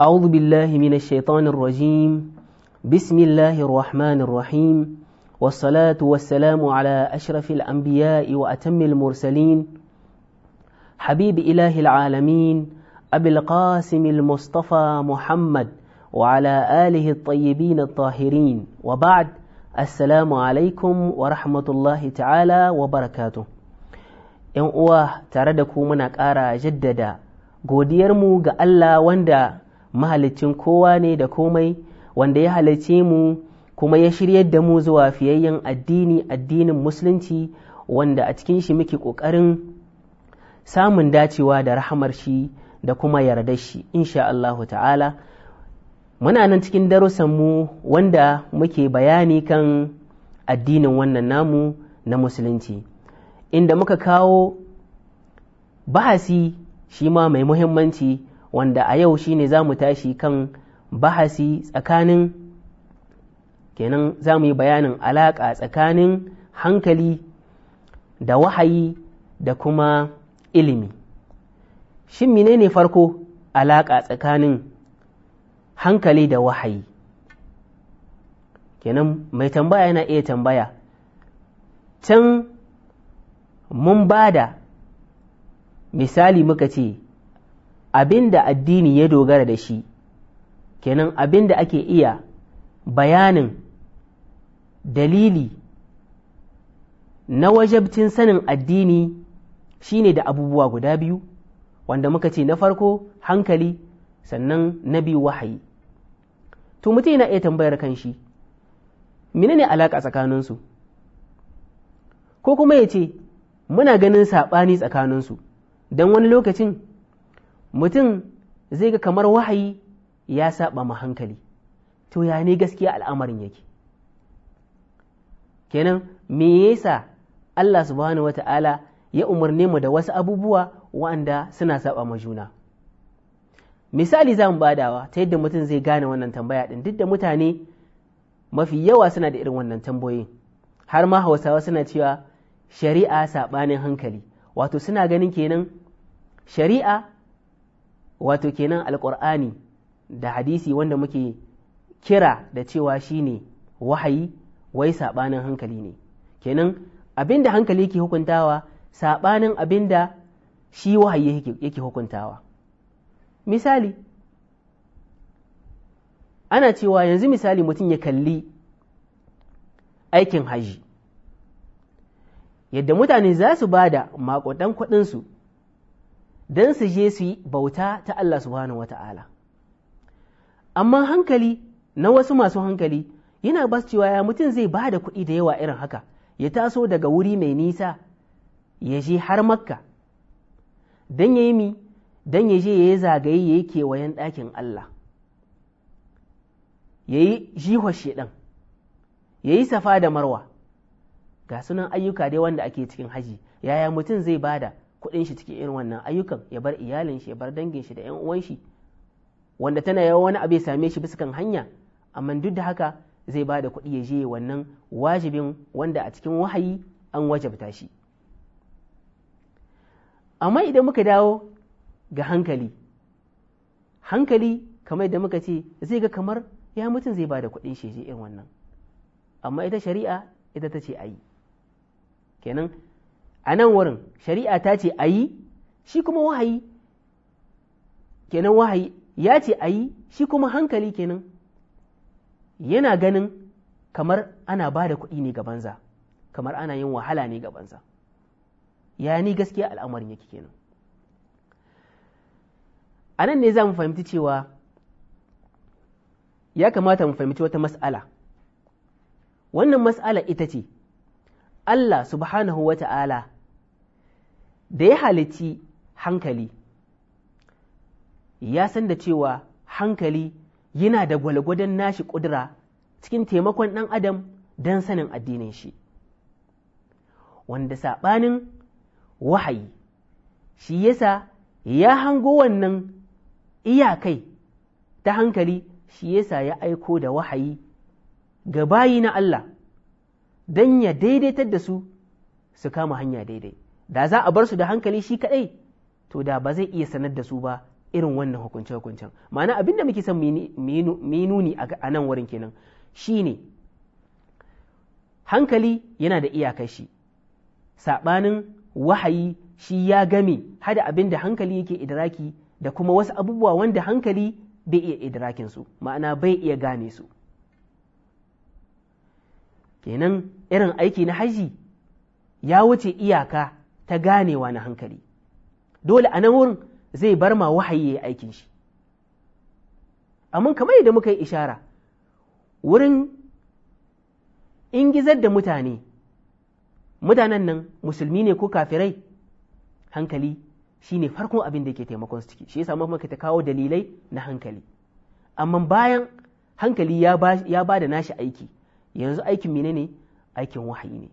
أعوذ بالله من الشيطان الرجيم بسم الله الرحمن الرحيم والصلاة والسلام على أشرف الأنبياء وأتم المرسلين حبيب إله العالمين أبي القاسم المصطفى محمد وعلى آله الطيبين الطاهرين وبعد السلام عليكم ورحمة الله تعالى وبركاته ‘Yan uwa tare da ku muna ƙara jaddada godiyarmu ga Allah wanda mahalicin kowa ne da komai wanda ya halicce mu kuma ya shiryar da mu zuwa fiyayyen addini addinin musulunci wanda a cikin shi muke ƙoƙarin samun dacewa da rahamar shi da kuma yardar shi insha Allahu ta'ala muna nan cikin mu wanda muke bayani kan addinin wannan namu na musulunci inda muka kawo bahasi shi ma mai muhimmanci wanda a yau shine za mu tashi kan bahasi tsakanin kenan za mu yi bayanin alaƙa tsakanin hankali da wahayi da kuma ilimi shin menene farko alaƙa tsakanin hankali da wahayi kenan mai tambaya yana iya tambaya can mun ba da misali muka ce abin da addini ya dogara da shi kenan abin da ake iya bayanin dalili na wajabcin sanin addini shine da abubuwa guda biyu wanda muka ce na farko hankali sannan na biyu wahayi to mutum yana iya tambayar kan kanshi menene alaƙa tsakaninsu ko kuma ya ce muna ganin saɓani tsakaninsu don wani lokacin mutum zai ga kamar wahayi ya saba ma hankali to ya ne gaskiya al'amarin yake kenan me yasa Allah subhanahu wata'ala ya umarne mu da wasu abubuwa wa'anda suna saba ma juna misali za mu badawa ta yadda mutum zai gane wannan tambaya din duk da mutane mafi yawa suna da irin wannan tambayoyin har ma hausawa suna cewa shari'a saɓanin hankali wato suna ganin kenan shari'a wato kenan alƙur'ani da hadisi wanda muke kira da cewa shine wahayi wai saɓanin hankali ne kenan abin da hankali yake hukuntawa saɓanin abin da shi wahayi yake hukuntawa misali ana cewa yanzu misali mutum ya kalli aikin haji yadda mutane za su ba da makotan kuɗinsu don su je su yi bauta ta Allah subhanahu wata'ala amma hankali na wasu masu hankali yana bas cewa ya mutum zai ba da kuɗi da yawa irin haka ya taso daga wuri mai nisa ya je har makka don ya yi mi don ya je ya yi zagaye ya yi kewayen ɗakin Allah ya yi jihwa shiɗan ya yi safa da marwa ga sunan ayyuka dai wanda ake cikin haji yaya mutum zai bada kuɗin shi cikin irin wannan ayyukan ya bar iyalin shi ya bar dangin shi da yan uwan shi wanda tana yawa wani abu ya same shi bisa kan hanya amma duk da haka zai ba da kuɗi ya je wannan wajibin wanda a cikin wahayi an wajabta shi amma idan muka dawo ga hankali hankali kamar yadda muka ce zai ga kamar ya mutum zai ba da kuɗin shi je irin wannan amma ita shari'a ita ta ce a yi kenan a nan wurin shari'a ta ce a yi shi kuma wahayi kenan wahayi ya ce a yi shi kuma hankali kenan yana ganin kamar ana ba da kuɗi ne ga banza kamar ana yin wahala ne ga banza ya ni gaskiya al'amarin yake kenan a nan ne za mu fahimci cewa ya kamata mu fahimci wata mas'ala wannan mas'ala ita ce Allah subhanahu wa ta'ala da ya halici hankali ya san da cewa hankali yana da gwalgwadon nashi ƙudura cikin taimakon ɗan adam don sanin addinin shi wanda saɓanin wahayi shi yasa ya hango wannan iyakai ta hankali shi yasa ya aiko da wahayi ga bayi na Allah don ya daidaitar da su su kama hanya daidai da za a bar su da hankali shi kaɗai to da ba zai iya sanar da su ba irin wannan hukunce-hukuncen ma'ana abinda muke son mu nuni a nan wurin kenan shi ne. hankali yana da iyakar shi saɓanin wahayi shi ya game hada abin da hankali yake idraki da kuma wasu abubuwa wanda hankali bai iya idrakin su ma'ana bai iya gane su kenan irin aiki na haji ya wuce iyaka ta ganewa na hankali dole a nan wurin zai bar ma wahayi ya yi aikin shi amma kamar yadda muka yi ishara wurin ingizar da mutane mutanen nan musulmi ne ko kafirai hankali shi ne farkon abin da ke taimakon su ciki shi yasa muka ta kawo dalilai na hankali amma bayan hankali ya ba da nashi aiki yanzu aikin menene aikin wahayi ne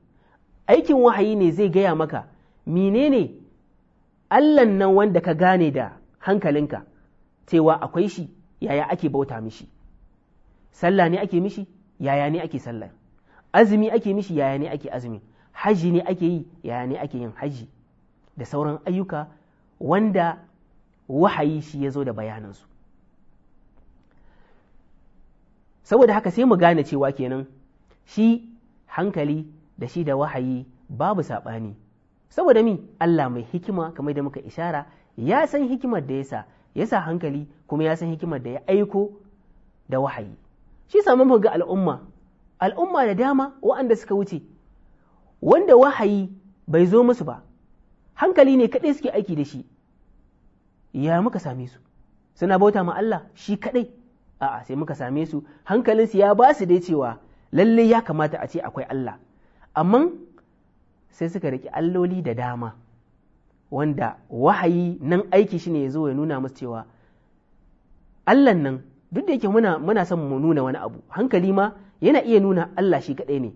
aikin wahayi ne zai gaya maka menene allah nan wanda ka gane da hankalinka cewa akwai shi yaya ake bauta mishi sallah ne ake mishi yaya ne ake sallah azumi ake mishi yaya ne ake azumi haji ne ake yi yaya ne ake yin haji da sauran ayyuka wanda wahayi shi ya zo da bayanansu saboda haka sai mu gane cewa kenan shi hankali da shi da wahayi babu saɓani saboda mi Allah mai hikima kamar da muka ishara ya san hikimar da yasa ya sa hankali kuma ya san hikimar da ya aiko da wahayi shi samun ga al'umma al'umma da dama waɗanda suka wuce wanda wahayi bai zo musu ba hankali ne kaɗai suke aiki da shi ya muka same su suna bauta ma Allah shi kaɗai a'a sai muka same su hankalinsu ya ba su dai cewa lallai ya kamata a ce akwai Allah amma sai suka riƙi alloli da dama wanda wahayi nan aiki shi ne ya zo ya nuna musu cewa allan nan duk da yake muna, muna son mu nuna wani abu hankali ma yana iya nuna allah shi kaɗai ne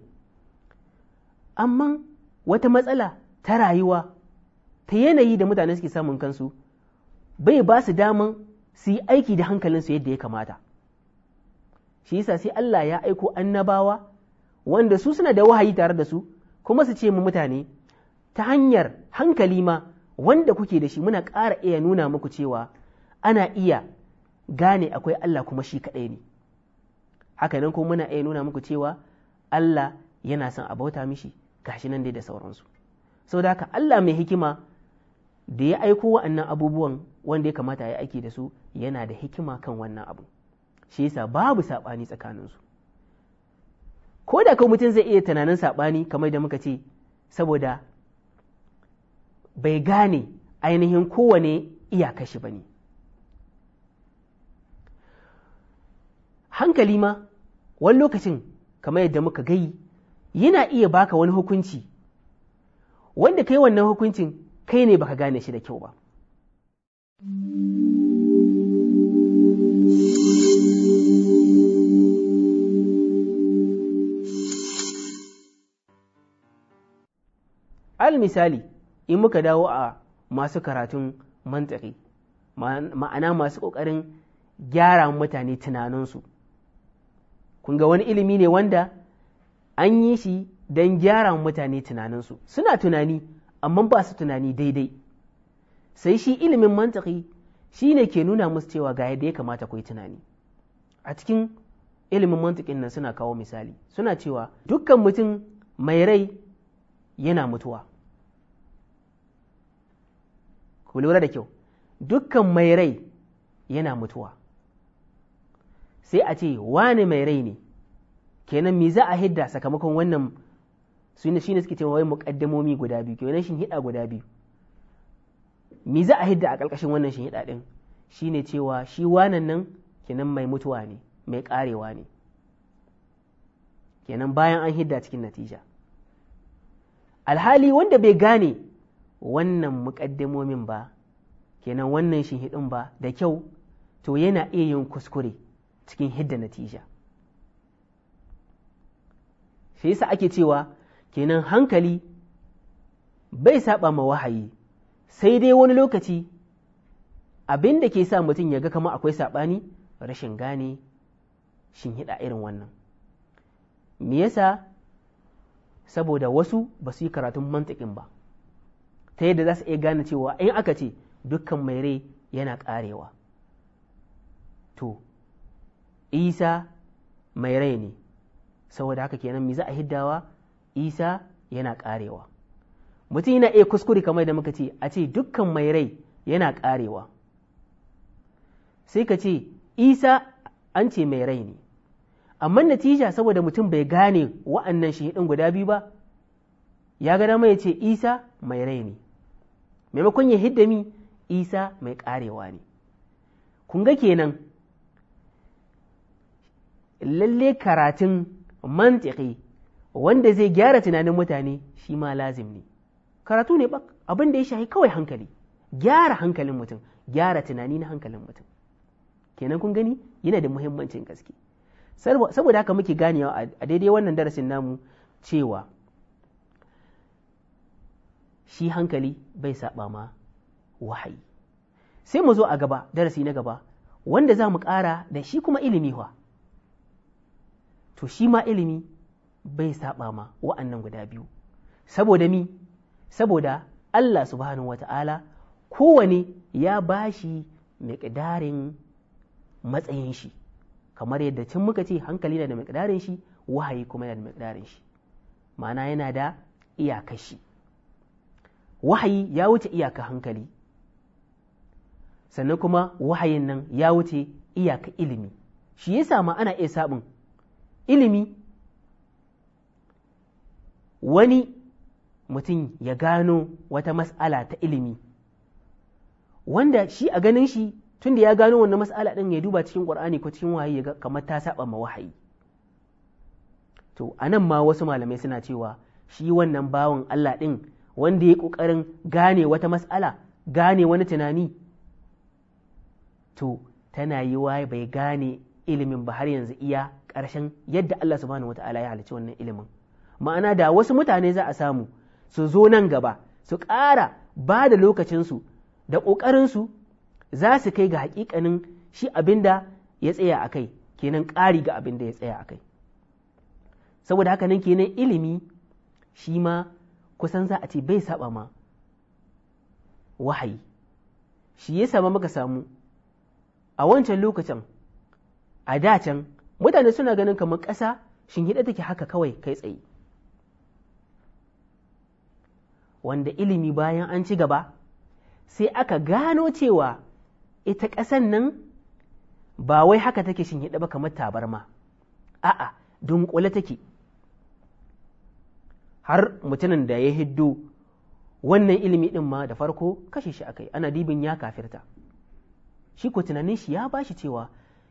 amma wata matsala ta rayuwa ta yanayi da mutane suke samun kansu bai ba su daman su yi aiki da hankalinsu yadda ya kamata shi yasa sai allah ya aiko annabawa wanda su suna da wahayi tare da su kuma su ce mu mutane ta hanyar hankali ma wanda kuke da shi muna ƙara iya nuna muku cewa ana iya gane akwai Allah kuma shi kaɗai ne Haka hakanan kuma muna iya nuna muku cewa Allah yana son a bauta mishi gashi nan dai da sauransu sau da haka Allah mai hikima da ya aiko wa'annan abubuwan wanda ya kamata ya aiki da su yana da hikima kan wannan abu shi yasa babu saɓani tsakaninsu ko da kai mutum zai iya tunanin saɓani kamar da muka ce saboda bai gane ainihin kowane iyaka shi ba ne hankali ma wani lokacin kamar yadda muka gai yana iya baka wani hukunci wanda kai wannan hukuncin kai ne baka gane shi da kyau ba. al misali in muka dawo a masu karatun mantaki, ma'ana masu ƙoƙarin gyara mutane tunaninsu kun ga wani ilimi ne wanda an yi shi don gyara mutane tunaninsu suna tunani amma ba su tunani daidai sai shi ilimin mantaki shi ne ke nuna musu cewa ga yadda ya kamata ku yi tunani a cikin ilimin mantakin nan suna kawo misali suna cewa dukkan mutum mai rai yana mutuwa ku lura da kyau dukkan mai rai yana mutuwa sai a ce wani mai rai ne kenan me za a hidda sakamakon wannan su ne shine suke cewa wai muqaddamomi guda biyu kenan shin hida guda biyu me za a hidda a ƙarƙashin wannan shin hida din shine cewa shi wanan nan kenan mai mutuwa ne mai karewa ne kenan bayan an hidda cikin natija alhali wanda bai gane wannan muƙaddamomin ba kenan wannan shinhiɗin ba da kyau to yana iya yin kuskure cikin hidda natija shi yasa ake cewa kenan hankali bai saba ma wahayi sai dai wani lokaci abin da ke sa mutum ya ga kama akwai saɓani rashin gane shinhiɗa irin wannan me yasa saboda wasu ba su yi karatun mantiƙin ba ta yadda za su iya gane cewa in aka ce dukkan mai rai yana ƙarewa to isa mai rai ne saboda haka kenan mi za a hiddawa isa yana karewa. mutum yana iya kuskure kamar da muka ce a ce dukkan mai rai yana ƙarewa sai ka ce isa an ce mai rai ne amma natija saboda mutum bai gane wa'annan shi ɗin guda biyu ba ya ga dama ya ce isa mai rai ne maimakon ya hidda mi isa mai karewa ne kun ga kenan lalle karatun mantiki wanda zai gyara tunanin mutane shi ma lazim ne karatu ne bak abin da ya shahi kawai hankali gyara hankalin mutum gyara tunani na hankalin mutum kenan kun gani yana da muhimmancin gaske saboda haka muke ganewa a daidai wannan darasin namu cewa shi hankali bai saba ma wahayi sai mu zo a gaba darasi na gaba wanda za mu ƙara da shi kuma ilimi wa to shi ma ilimi bai saba ma wa'annan guda biyu saboda mi saboda Allah subhanahu wata'ala kowane ya bashi miƙidarin matsayin shi kamar yadda can muka ce hankali na da miƙidarin shi wahayi kuma yana da miƙidarin shi ma'ana yana da iyakashi wahayi ya wuce iyaka hankali sannan kuma wahayin nan ya wuce iyaka ilimi shi yasa ma ana iya sabin ilimi wani mutum ya gano wata mas'ala ta ilimi wanda shi a ganin shi tun da ya gano wannan mas'ala ɗin ya duba cikin ƙwar'ani ko cikin wahayi ya kamar ta saba ma wahayi to a nan ma wasu malamai suna cewa shi wannan bawan Allah ɗin wanda ya yi ƙoƙarin gane wata matsala. gane wani tunani to tana yi wa bai gane ilimin ba har yanzu iya ƙarshen yadda Allah subhanahu wata'ala ya halicci wannan ilimin ma'ana da wasu mutane za a samu su zo nan gaba su ƙara ba da lokacinsu da ƙoƙarinsu za su kai ga haƙiƙanin shi abin da ya tsaya a kai kenan ƙari ga abin da ya tsaya a kai saboda haka nan kenan ilimi shi ma kusan za a ce bai saba ma wahayi shi ya sama muka samu a wancan lokacin a da can mutane suna ganin kamar ƙasa shin hida take haka kawai kai tsaye wanda ilimi bayan an ci gaba sai aka gano cewa ita ƙasan nan ba wai haka take shin hida ba kamar tabarma a'a dunkule take har mutumin da ya hiddo wannan ilimi din ma da farko kashe shi akai ana dibin ya kafirta shi ko tunanin shi ya bashi cewa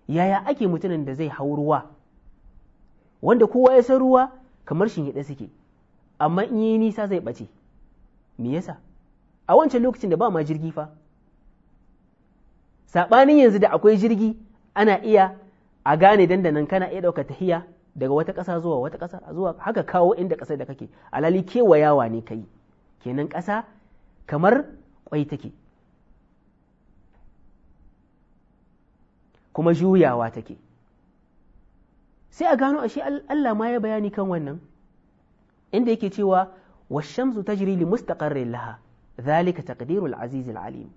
yaya ake mutumin da zai hau ruwa wanda kowa ya san ruwa kamar shinhiɗe suke amma in yi nisa zai ɓace me yasa a wancan lokacin da ba ma jirgi fa saɓanin yanzu da akwai jirgi ana iya a gane dandanan kana iya ɗauka tahiya daga wata ƙasa zuwa wata ƙasa zuwa haka kawo inda ƙasar da kake alali kewayawa ne kai kenan ƙasa kamar ƙwai take kuma juyawa take sai a gano ashe Allah ma ya bayani kan wannan inda yake cewa washamsu tajri li mustaqarrin laha zalika taqdirul azizil alim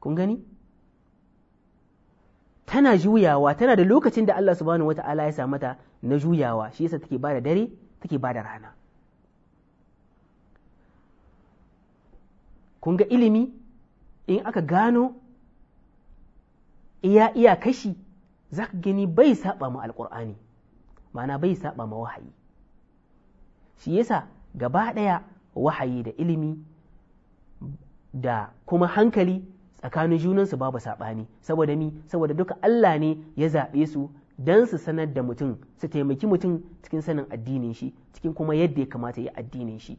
kun gani tana juyawa tana da lokacin da Allah subhanahu wata'ala ya sa mata na juyawa shi yasa take bada dare take da rana kun ga ilimi in aka gano iya iya kashi za ka gani bai saba ma alkur'ani mana bai saba ma wahayi shi yasa gaba ɗaya wahayi da ilimi da kuma hankali tsakanin junansu babu saɓani saboda ni saboda duka Allah ne ya zaɓe su don su sanar da mutum su taimaki mutum cikin sanin addinin shi cikin kuma yadda ya kamata ya addinin shi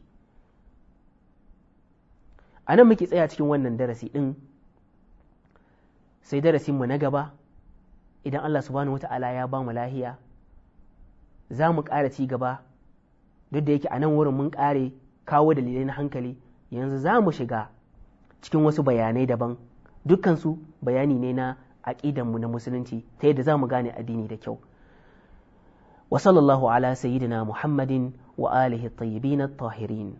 a nan muke tsaya cikin wannan darasi ɗin sai darasin mu na gaba idan Allah subhanahu wata'ala ya ba mu lahiya za mu ƙara ci gaba duk da yake a nan wurin mun ƙare kawo dalilai na hankali yanzu za mu shiga cikin wasu bayanai daban dukkansu bayani ne na aƙidanmu na musulunci ta yadda za mu gane addini da kyau wa sallallahu ala sayyidina muhammadin wa alihi tayyibin at-tahirin